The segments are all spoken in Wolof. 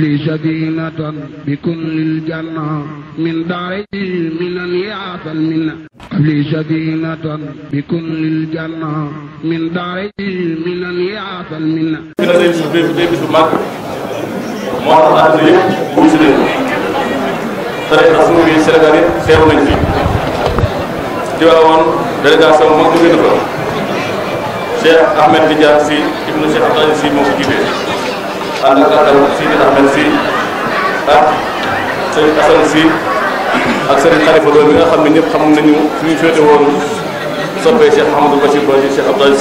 li sadinatan bi kullil janna min daari minan yaatal minna li sadinatan bi kullil janna min daari minan yaatal minna bi na day bisu day bisu màgg moo tax àdduna yëpp wuy si leen tarixa suñu yi Sénégal yëpp teew nañ fi di waawoon délégation mag jóge na fa Cheikh Ahmed Tidiane Sy ibnu Cheikh Abdoulaye Sy moo ko jiitee ànd ak Sidi Ahmed si ak Serigne Assane si ak nga xam ne ñëpp xam nañu fi ñu féete woon soppee Cheikh Mouhamadou Bachir ba ci Cheikh Abdoulaye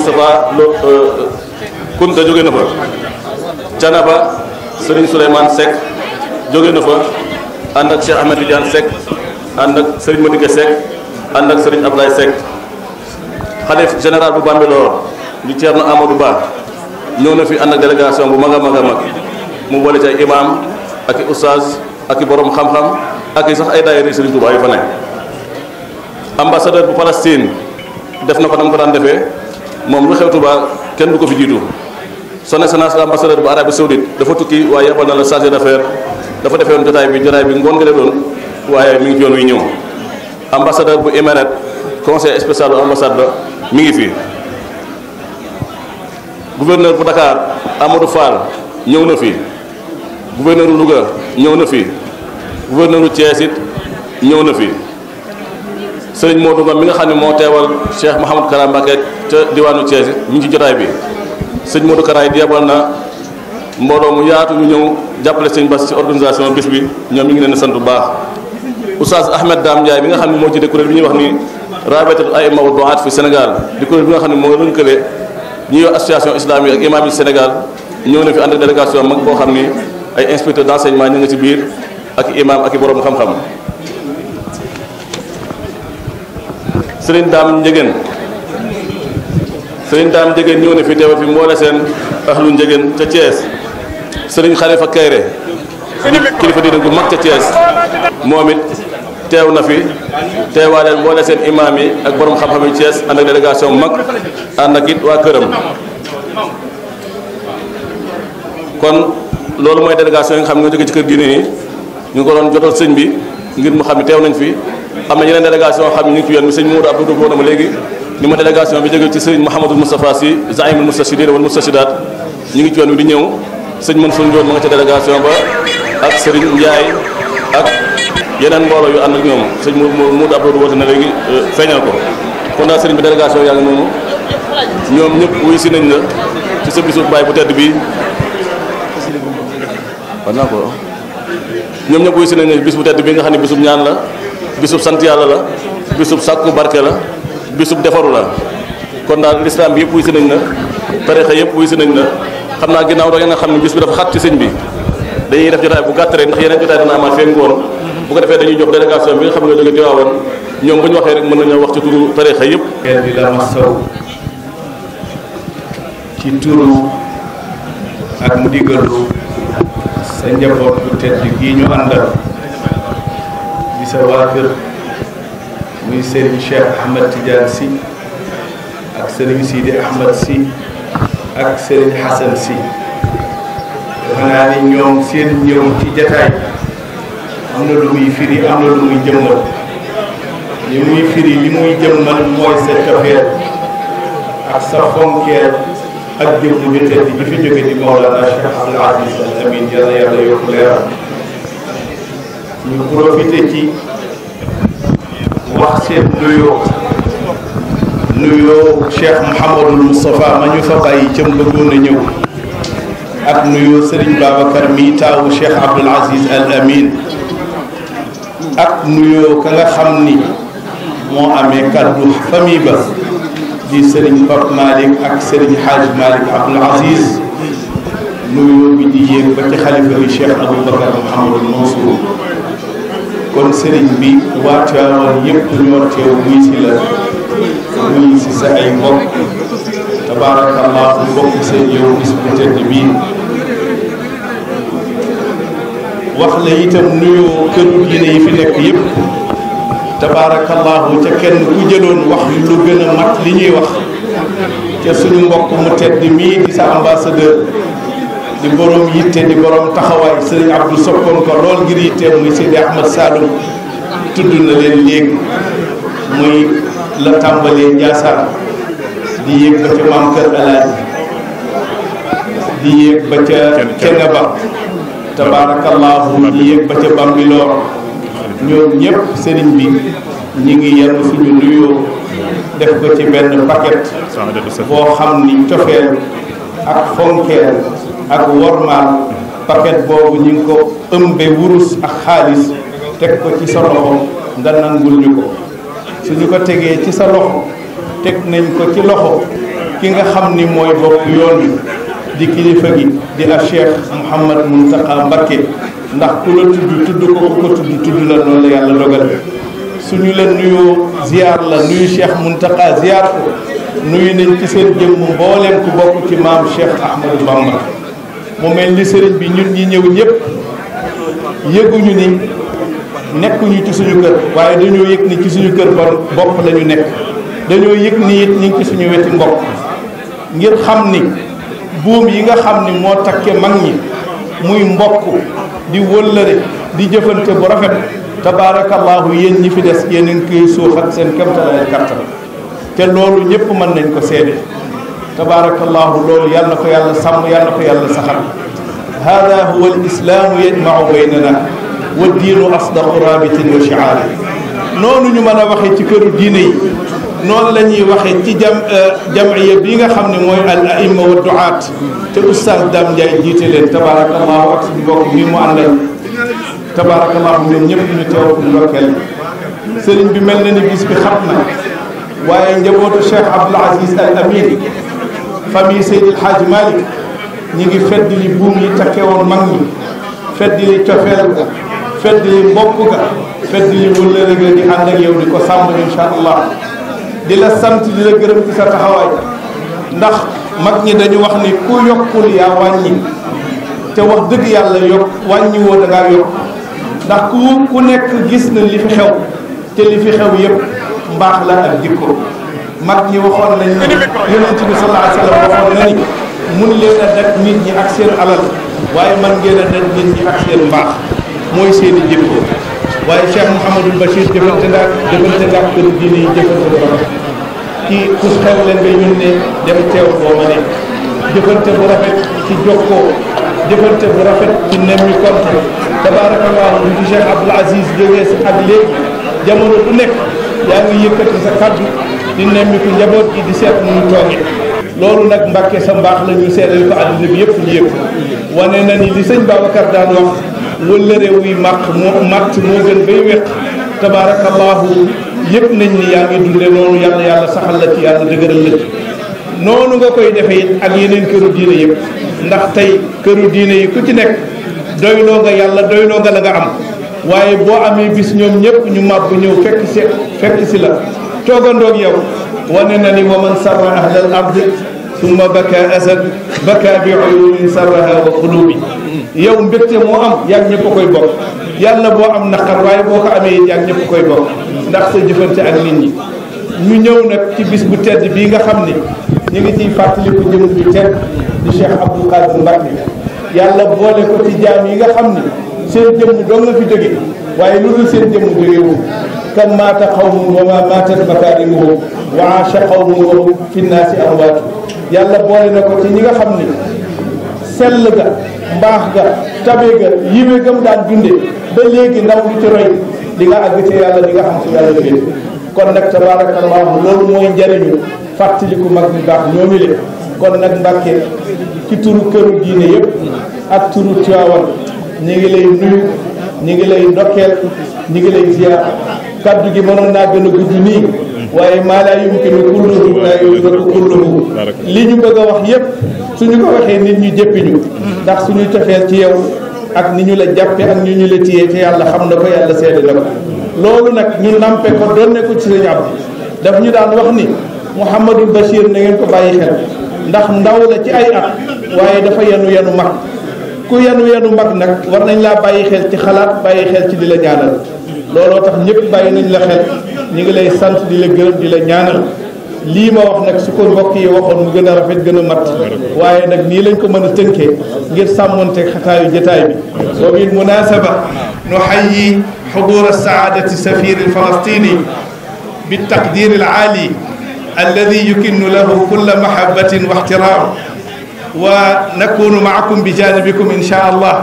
Sy Lo euh, Kounta jóge na fa Canaba Serigne Souleymane Seck jóge na fa ànd ak Cheikh Ahmed Tidiane Seck ànd ak sëriñ Madické Seck ànd ak sëriñ Ablaye Seck xalif général bu Bambilor ñu Thierno Amadou Ba ñëw na fi ànd ak délégation bu mag a mag a mag mu boole ci ay imam ak i oustaz ak i borom xam-xam ak i sax ay daayira sëriñ Touba yu fa nekk. ambassadeur bu Palestine def na ko na mu ko daan defee moom lu xew Touba kenn du ko fi jiitu son excellence ambassadeur bu Arabie Saoudite dafa tukki waaye yebal na la chargé d'affaires dafa defee jotaay bi jotaay bi ngoon waaye mi ngi ci wi ñëw ambassadeur bu Émirats conseil spécial bu ambassade ba mi ngi fi gouverneur bu dakaar Amadou Fall ñëw na fi gouverneur bu Louga ñëw na fi gouverneur bu Thiès it ñëw na fi sëriñ Modou Ngom mi nga xam ne moo teewal Cheikh Mouhamadou Kara Mbacké ca diwaanu Thiès it mi ngi ci jotaay bi sëriñ Modou Kara it yebal na mbooloo mu yaatu ñu ñëw jàppale sëriñ Bass ci organisation bis bi ñoom ñu ngi leen sant bu baax. oustaz Ahmed Dame Ndiaye bi nga xam ne moo jiite kuréel bi ñuy wax ni rabitat aima wa duat fi Sénégal di kuréel bi nga xam ne moo lënkale ñuy wax association islamique ak imam yi Sénégal ñëw na fi ànd délégation mag boo xam ni ay inspecteur d' enseignement ñu ngi ci biir ak imam ak i borom xam-xam Serigne Dame Ndiéguène Serigne Dame Ndiéguène ñëw na fi teewa fi mboole seen ahlu Ndiéguène ca Thiès Serigne Khalifa Kayre kilifa diine gu mag ca Thiès moom it teew na fi teewaaleen boole seen imaam yi ak borom xam-xam yi Thiès ànd ak délégation bu mag ànd ak it waa këram kon loolu mooy délégation yi nga xam nga ñoo ci kër diine yi ñu ngi ko doon jotal sëñ bi ngir mu xam ne teew nañ fi am na yeneen délégation xam ne ñu ngi ci yoon mi sëñ Mourou Abdou Diouf na ma léegi ni ma délégation bi jóge ci sëñ Mouhamadou Moustapha Sy zaimul mustashidin wal mustashidat ñu ngi ci yoon wi di ñëw sëñ Mansour Ndiol ma nga ca délégation ba ak Serigne yeneen mbooloo yu ànd ak ñoom sëñ mu mu mu abdour woote na léegi euh, feeñal ko kon daal sëriñ bi délégation yaa ngi noonu ñoom ñëpp wuy si nañ la ci sa baay bu tedd bi war naa ko ñoom ñëpp wuy nañ bis bu tedd bi nga xam ne bisub ñaan la bisub sant yàlla la bisub sàkku barke la bisub defaru la kon daal lislaam bi yëpp wuy si nañ la tarixa yëpp wuy si nañ la xam naa ginnaaw da ngeen a xam ne bis bi dafa xat ci sëñ bi dañuy def jotaay bu gàtt rek ndax yeneen jotaay dana amaat fee ngoon bu ko defee dañuy jox délégation bi nga xam ne jóge Tiwaawan ñoom bu ñu waxee rek mën nañoo wax ci turu tarixa yëpp. kenn di la masaw ci turu ak ndigalu sa njaboot bu tedd gii ñu àndal di sa waa kër muy Serigne Cheikh Ahmed Tidiane Sy ak Serigne Sidi Ahmed Sy ni ñoom seen ñëw ci jataay. am na lu muy firi am na lu muy li muy firi li muy jëmmal mooy sa cofeel ak sa fonkeel ak jëm ju tedd ji fi jóge di Mawlana Cheikh Abdoul Aziz Al Amine yàlla ma ñu fa bàyyi ca bëggoon a ñëw ak nuyoo Serigne Babacar mi taawu Cheikh Abdoul Aziz Al Amine ak nuyoo ka nga xam ni moo amee kàddu famille ba di sëriñ Pape Malick ak sëriñ Hadj Malick Abdoul Aziz nuyoo bi di yéeg ba ci xalifa bi Cheikh Aboubacar Mouhamadou Mansour kon sëriñ bi waa Tiwaawan yëpp ñoo teew muy si la muy si sa ay mbokk tabaarakallah mbokk seen yow bis bu tedd bii wax na itam nuyu këru diine yi fi nekk yëpp tabaarakallaahu ca kenn ku jëloon wax lu gën a mat li ñuy wax ca suñu mbokk mu tedd mii di sa ambassadeur di borom yitte di borom taxawaay sëriñ Abdou soppoon ko lool ngir yitteem muy Seydi Ahmad Saloum tudd na leen léegi muy la tàmbalee Ndiassane di yéeg ba ca maam Kër Alaaji di yéeg ba ca Ceneba tabaarakallaahu ñi yëg ba ca bambiloor ñoom ñépp sëriñ bi ñi ngi yenn suñu nuyoo def ko ci benn paquet boo xam ni cofeel ak fonkeel ak wormaal paquet boobu ñi ngi ko ëmbe wurus ak xaalis teg ko ci sa loxo nga nangul ñu ko suñu ko tegee ci sa loxo teg nañ ko ci loxo ki nga xam ni mooy bopp yoon bi di kilifa gi di a cheikh Mouhamad Mountakha Mbacké ndax ku la tudd tudd ko ku ko tudd tudd la noonu la yàlla dogal suñu la nuyoo ziar la nuyu cheikh Mountakha ziar ko nuyu nañ ci seen jëmm mbooleem ku bokk ci maam cheikh Ahmadou Bamba mu mel ni sëriñ bi ñun ñi ñëw ñëpp yëguñu ni nekkuñu ci suñu kër waaye dañoo yëg ni ci suñu kër bon bopp la nekk dañoo yëg ni it ñu ngi suñu weti mbokk ngir xam ni buum yi nga xam ni moo takkee mag ñi muy mbokk di wëllëre di jëfante bu rafet tabaarakallaahu yéen ñi fi des yéen a koy suuxat seen kéemtalaay kàttan te loolu ñëpp mën nañ ko seede tabaarakallaahu loolu yal na ko yàlla sàmm yal na ko yàlla saxal hada huwa al islaamu yajmau baynana wa diinu asdaqu rabitin wa shiaari noonu ñu mën a waxee ci këru diine yi noonu la ñuy waxee ci jam euh, jamiya bi nga xam ne mooy a aima wa duaat te oustaz Dame Ndiaye jiite leen tabarakallahu ak suñu mbokk mi mu àndal tabarakallahu ñoom ñëpp ñu teew ndokkeel sëriñ bi mel na ni bis bi xam waaye njaboot Cheikh Abdoul Aziz Al Amin famille Seydil Hadj Malick ñi ngi fedd li buum yi takkewoon mag ñi fedd li cofeel ga fedd li mbokk ga fedd li wëllëre ga di ànd ak ko sàmm insha allah di la sant di la gërëm ci sa taxawaay ndax mag ñi dañu wax ni ku yokkul yaa wàññi te wax dëgg yàlla yokk wàññi woo da ngaa yokk ndax ku ku nekk gis na li fi xew te li fi xew yëpp mbaax la ak jikko mag ñi waxoon nañ ni bi sallallahu alayhi wa sallam na ni mun leen a daj nit ñi ak seen alal waaye man ngeen a daj nit ñi ak seen mbaax mooy seeni jikko waaye Cheikh Mouhamadul Bachir jëfante ndax jëfante ndax këru diine yi jëfante bu rafet ci ku xew leen nga yónnee dem teew boo ma ne jëfante bu rafet ci jokkoo jëfante bu rafet ci nemmi compte tabaarakallaahu bu ci Cheikh Abdoul si ak léegi jamono du nekk yaa ngi yëkkati sa kaddu di nemmi ku njaboot gi di seet muy toogee loolu nag mbàkke sa mbaax la ñu seedal ko àdduna bi yëpp ñu yëpp wane na li sëñ Babacar daan wax wëllëre wuy màq moo màtt moo gën bay weq tabaarakallaahu yëpp nañ ni yaa ngi dunde noonu yàlla yàlla saxal la ci yàlla dëgëral la ci noonu nga koy defee ak yeneen këru diine yëpp ndax tey këru diine yi ku ci nekk doyloo nga yàlla doyloo nga la nga am waaye boo amee bis ñoom ñëpp ñu màbb ñëw fekk si fekk si la toogandoog yow ne na ni wa man sarra ahlal ard summa baka asad baka bi uyunin sarraha wa yow mbégte moo am yàgg ñëpp a koy bokk yàlla boo am naqar waaye boo ko amee it yàgg ñëpp koy bokk ndax sa jëfante ak nit ñi ñu ñëw nag ci bis bu tedd bii nga xam ni ñu ngi ciy fàttaliku jëmm ju tedd di Cheikh Abdou Khadre Mbacké yàlla boole ko ci jaam yi nga xam ni seen jëmm doon la fi jóge waaye lu dul seen jëmm jógewu kan maata xawmu wa ma maatat makaarimuhu wa aasha xawmu fi nnaasi amwaatu yàlla boole na ko ci ñi nga xam ni sell ga mbaax ga tabe ga yiwe gam daan dunde ba léegi ndaw lu ci roy di nga àgg ci yàlla di nga xam su yàlla liggéey kon nag tabarakallahu loolu mooy njariñu fàttaliku mag ñu baax ñoomi le kon nag Mbàkke ci turu këru diine yëpp ak turu Tiwaawan ñu ngi lay nuyu ñu ngi lay ndokkeel ñu ngi lay ziar kaddu gi mënoon naa gën a gudd nii waaye maa laa yumkinu kulluhu laa yudrak kulluhu li ñu bëgg a wax yépp suñu ko waxee nit ñi jëppiñu ndax suñu cofeel ci yow ak ni ñu la jàppe ak ni ñu la téyee te yàlla xam na ko yàlla seede na ko loolu nag ñu nampe ko donne ko ci sëñ Abdou daf ñu daan wax ni Mouhamadul Bachir na ngeen ko bàyyi xel ndax ndaw la ci ay at waaye dafa yenu yenu mag ku yenu yenu mag nag war nañ laa bàyyi xel ci xalaat bàyyi xel ci di la ñaanal looloo tax ñëpp bàyyi nañ la xel ñu ngi lay sant di la gërëm di la ñaanal lii ma wax nag su ko mbokk yi waxoon mu gën a rafet gën a mat waaye nag nii lañ ko mën a tënkee ngir sàmmonte xataayu jataay bi wa bil munasaba nu xayyi xudur saadati safir alfalastini bi taqdir alaali alladi yukinnu lahu kulla mahabatin wa ixtiraam wa nakunu maakum bi janibikum insha allah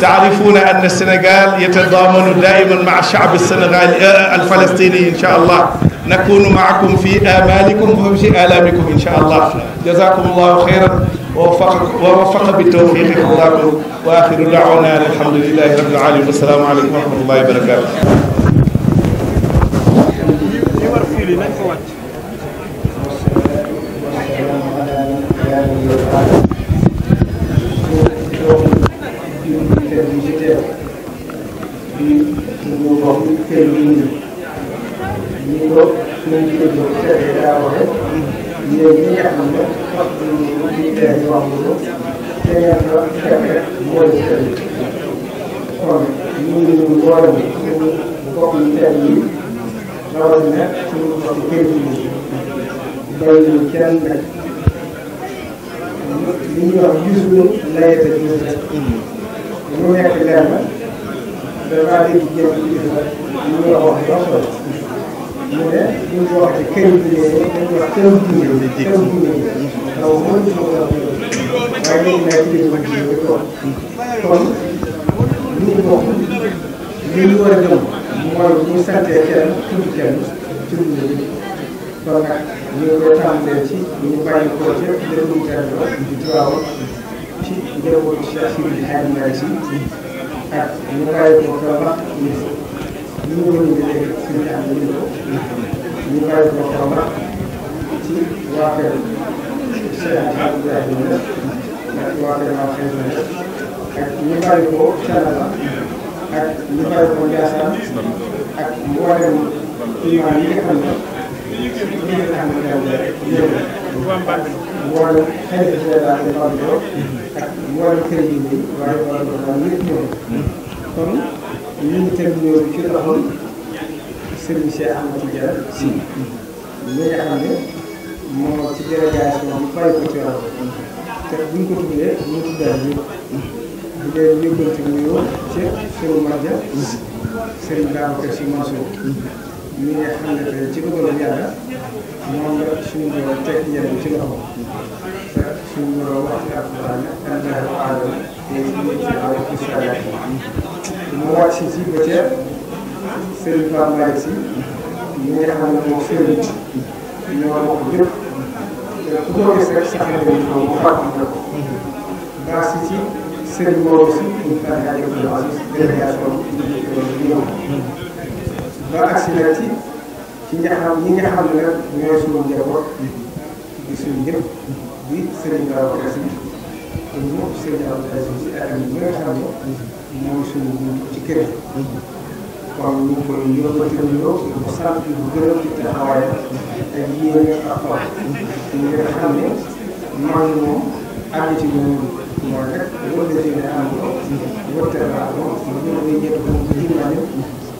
تعرفون أن السنغال يتضامن دائما مع الشعب السنغالي الفلسطيني إن شاء الله نكون معكم في آمالكم وفي آلامكم إن شاء الله جزاكم الله خيرا ووفق ووفق بالتوفيق الله وآخر دعوانا الحمد لله رب العالمين والسلام عليكم ورحمة الله وبركاته Thank you. kër gi ci teew di suñu mbokk kër gi ñu ñu ko nañ ci déglu seetee daa waxe ñoom ñi nga xam ne wax ñu teel ñu wax ko te ngeen ko fexe mooy kër gi kon ñu ngi ñu mboolem suñu mbokk kër gi rawatina suñu mbokk kër gi bay ñu kenn nag li ñuy wax gisul layata gisul li mu nekk leer na damaa dégg jéem a gis nga li mu wax wax yoo xam ne mu ne li mu wax kër yi dañuy wax kër bu ñu ñëwee kër bu ñu ñëwee ndaw mooy li mu war a ñëw waaye léegi nawet bi dañuy wax kon li mu bokk li mu war a gëm mooy bu ñu santee kenn tudd kenn tudd ñëpp kon nag ñu ngi koy tàmbalee ci ci njëriñu Cheikh Sidi Hadj Mbaye si ak ñu bàyyi ko Kaolack ñu ñu ñëwoon ñu dégg suñu am ñu ko ñu bàyyi ko Kaolack ci waa kër Cheikh Hadj Mbaye ak waa kër waa kër ak ñu bàyyi ko Thialala ak ñu bàyyi ko Ndiassane ak mboolem imaam yi nga xam ne ñu ngi tàmbali mboolem xarit bi day daal di fàttaloo. ak mboolem kër yi nii waaye wala wala ñëpp ñëw. kon ñu ngi teg ñëw ci loxol Serigne Cheikh Amadou Dia si. li nga xam ne moo ci délégation bi fay ko ci wàll. te buñ ko tuddee ñu tuddee ñëpp. bu dee yëngal ci nuyoo ci Serigne Madia. Serigne Babacar Sy Mansour. ñi nga xamante ne ci bëggoon yàlla moom la suñu borom teg yeneen ci loxo te suñu borom wax ci alquran innahu aalama mu wàcc ci ba ca Serigne Pape Malick Sy ñi nga xam ne moom Serigne ñoo wax lépp te ku ko gis rek sax na leen ko mu fàttali ko baax ci Serigne Mor si ñu fàttali ko délégation bi ba agsi nag ci ci nga xam ñi nga xam ne nag ñooy suñu njaboot di suñu ñëpp di Serigne Babacar Sy te ñu Serigne Babacar Sy si atam yi nga xam ne mooy suñu ci kër gi kon ñu ngi koy yóbbataloo di ko sant di gërëm ci taxawaayam ak yéene ak xol ñi nga xam ne mooy moom àgg ci moom mooy rek wëlbatee ne am ko wëttal naa ko ñu ngi koy ñett ba mu ko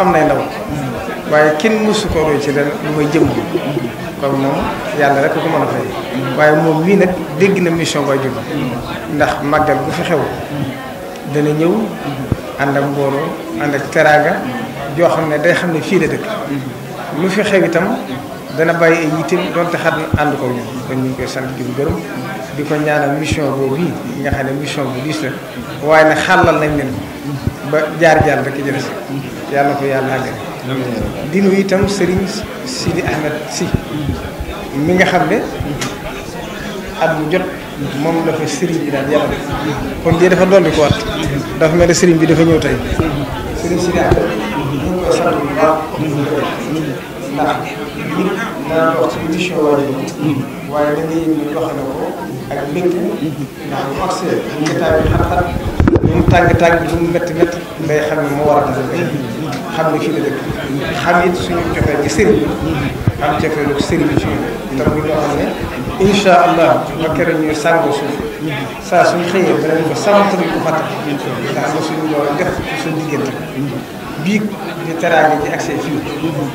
am nay ndaw waaye kenn mësu koo ci dara lu may jëm kon moom yàlla rekk ko mën a fay waaye moom mii nag dégg na mission bay jóg ndax bu fi xew dana ñëw ànd ak mbooloo ànd teraanga joo xam ne day xam ne fii la dëkk lu fi xew itam dana bàyyi ay yitteem donte xat na ànd ko ñu kon ñu ngi koy sant di ko gërëm di ko ñaanal mission boobu bii nga xam ne mission bu diis la waaye nag xàllal nañ leen ko ba jaar jaar rek jërës yàlla ko yàlla àggal di nuyu itam Serigne Sidi Ahmed si mi nga xam ne at mu jot moom la fa bi daal yàlla kon lii dafa dolli dafa mel ne Serigne bi dafa ñëw tey Serigne Sidi waaye waaye da ngay yëngu ko ak mbégte ndax bu accès état bi tàng tàng mu métti métti day xam ne moo war a dundal dëkk xam ne fii la dëkk xam it suñu joxee ci sëriñ bi am jafeelu sëriñ bi ci ñun te muy loo xam ne incha allah ba keroog ñuy sàngoo suuf saa suñ xëyee danañ ko sant bi ko fàtte ndax la suñu loolu def ci suñu diggante bii di teraange ji accès fii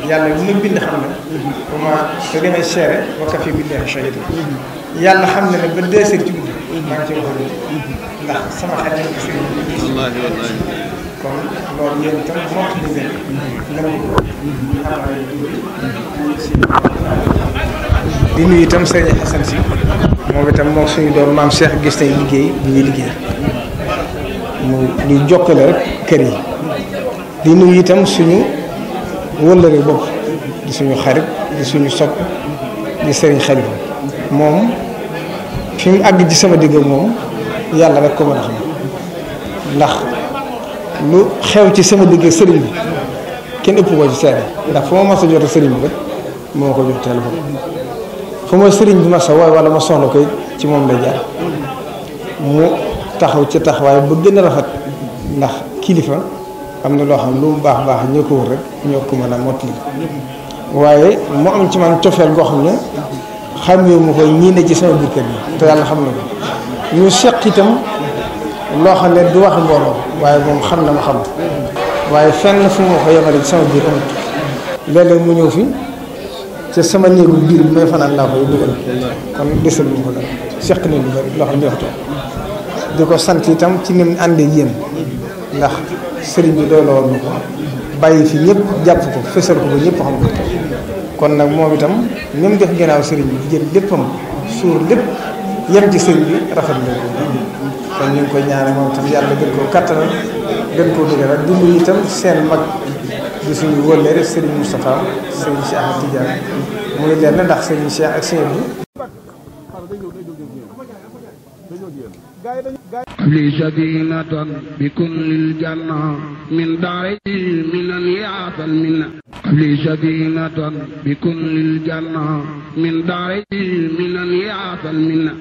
yàlla lu na bind xam ne comment te demee seere wakka fii bindee chahida yàlla xam ne ne ba deux heures ci guddi maa ngi ci waxoon ndax sama xel nekk sëriñ bi kon loolu yéen itam mot li ngeen ngërëm ko di Xasan si moom itam moom suñu doom maam Cheikh gis nañ liggéey bi ñuy liggéey mu luy jokkale rek kër yi di nuyu itam suñu wëllëre bopp suñu xarit di suñu sopp di sëriñ Xalifa moom fi àgg ci sama digg moom yàlla rek ko mën a xam ndax lu xew ci sama digg sëriñ bi kenn ëpp ko ci seere ndax fu ma mas a jot sëriñ bi rek moo ko jox téléphone fu ma sëriñ bi mas a wooy wala ma soxla koy ci moom lay jaar mu taxaw ci taxawaay ba gën a rafet ndax kilifa am na loo xam lu mu baax baax ñoo ko wër rek ñoo ko mën a mottali waaye mu am ci man cofeel goo xam ne xam mu ko ñii ne ci sama biir yi te yàlla xam na ko ñu seq itam loo xam ne du wax mbooloo waaye moom xam na ma xam waaye fenn fu ma ko yemale ci sama biir amut léeg-léeg mu ñëw fi te sama néegu biir bi may fanaan laa koy dugal kon desul mu ko dara seq na lu bëri loo xam ne waxtu di ko sant itam ci ni mu àndee yéen ndax sëriñ bi doy la woon na ko bàyyi fi ñëpp jàpp ko fësal ko ba ñëpp xam ko kon nag moom itam ni mu def gannaaw sëriñ bi jël léppam suur lépp yem ci sëñ bi rafet la kon ñu ngi koy ñaanal moom tam yàlla gën koo kattanal gën koo dëgëral ak dundu itam seen mag di suñu wëlleere sëriñ Moustapha sëriñ Cheikh Ahmed Tidiane mu ngi leen ndax sëriñ Cheikh ak sëriñ bi li sadinatan bi kullil janna min daari minan yaatal minna li sadinatan bi kullil min daari